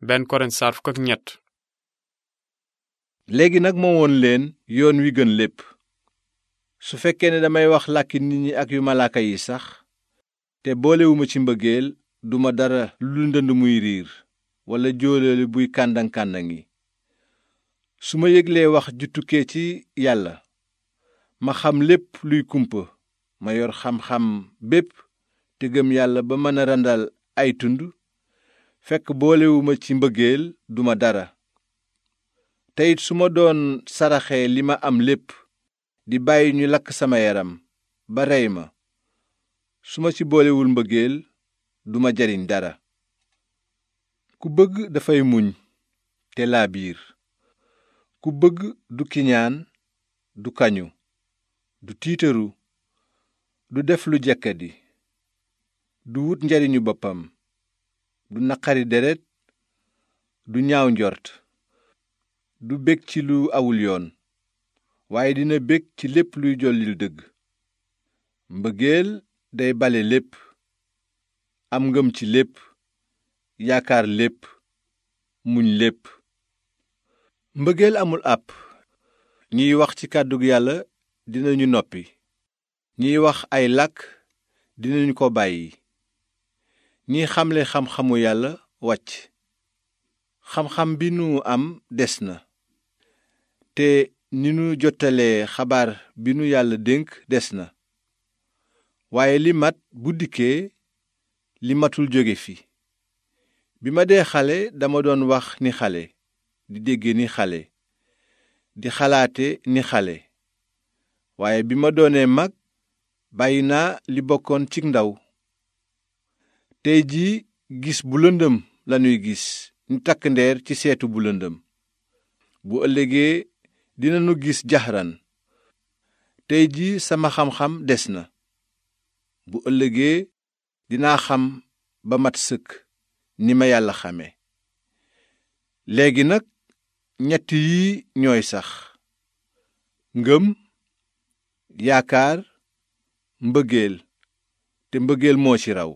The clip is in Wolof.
benn Korent saar ñett. léegi nag moo woon leen yoon wi gën lépp su fekkee ne damay wax làkki nit ñi ak yu malaaka yi sax te boolewuma ci mbëggeel duma dara lu ndënd muy riir walla jóoleelu buy kàndang kàndangi su ma yëglee wax ju tukkee ci yàlla ma xam lépp luy kumpa ma yor xam-xam bépp te gëm yàlla ba mën a randal ay tund fekk boolewuma ci mbëggeel duma dara te su ma doon saraxee li ma am lépp di bàyyi ñu lakk sama yaram ba rey ma su ma ci boolewul mbëggeel duma jariñ dara ku bëgg dafay muñ te laa biir ku bëgg du kiñaan du kañu du tiitaru du def lu jekkadi du wut njariñu boppam du naqari deret du ñaaw njort du bég ci lu awul yoon waaye dina bég ci lépp luy jollil dëgg mbëggeel day bale lépp am ngëm ci lépp yaakaar lépp muñ lépp mbëggeel amul àpp ñuy wax ci kàddug yàlla dinañu noppi ñuy wax ay làkk dinañu ko bàyyi ñiy xamle xam-xamu yàlla wàcc xam-xam bi nu am des na te ni nu jottalee xabaar bi nu yàlla dénk des na waaye li mat bu dikkee li matul jóge fi bi ma dee xale dama doon wax ni xale di dégge ni xale di xalaate ni xale waaye bi ma doonee mag bàyyi naa li bokkoon ci ndaw tey jii gis bu lëndëm lanuy gis ni takk ndeer ci seetu bu lëndëm bu ëllëgee dinañu gis jaxran tey jii sama xam-xam des na bu ëllëgee dinaa xam ba mat sëkk ni ma yàlla xame léegi nag ñett yi ñooy sax ngëm yaakaar mbëggeel te mbëggeel moo ci raw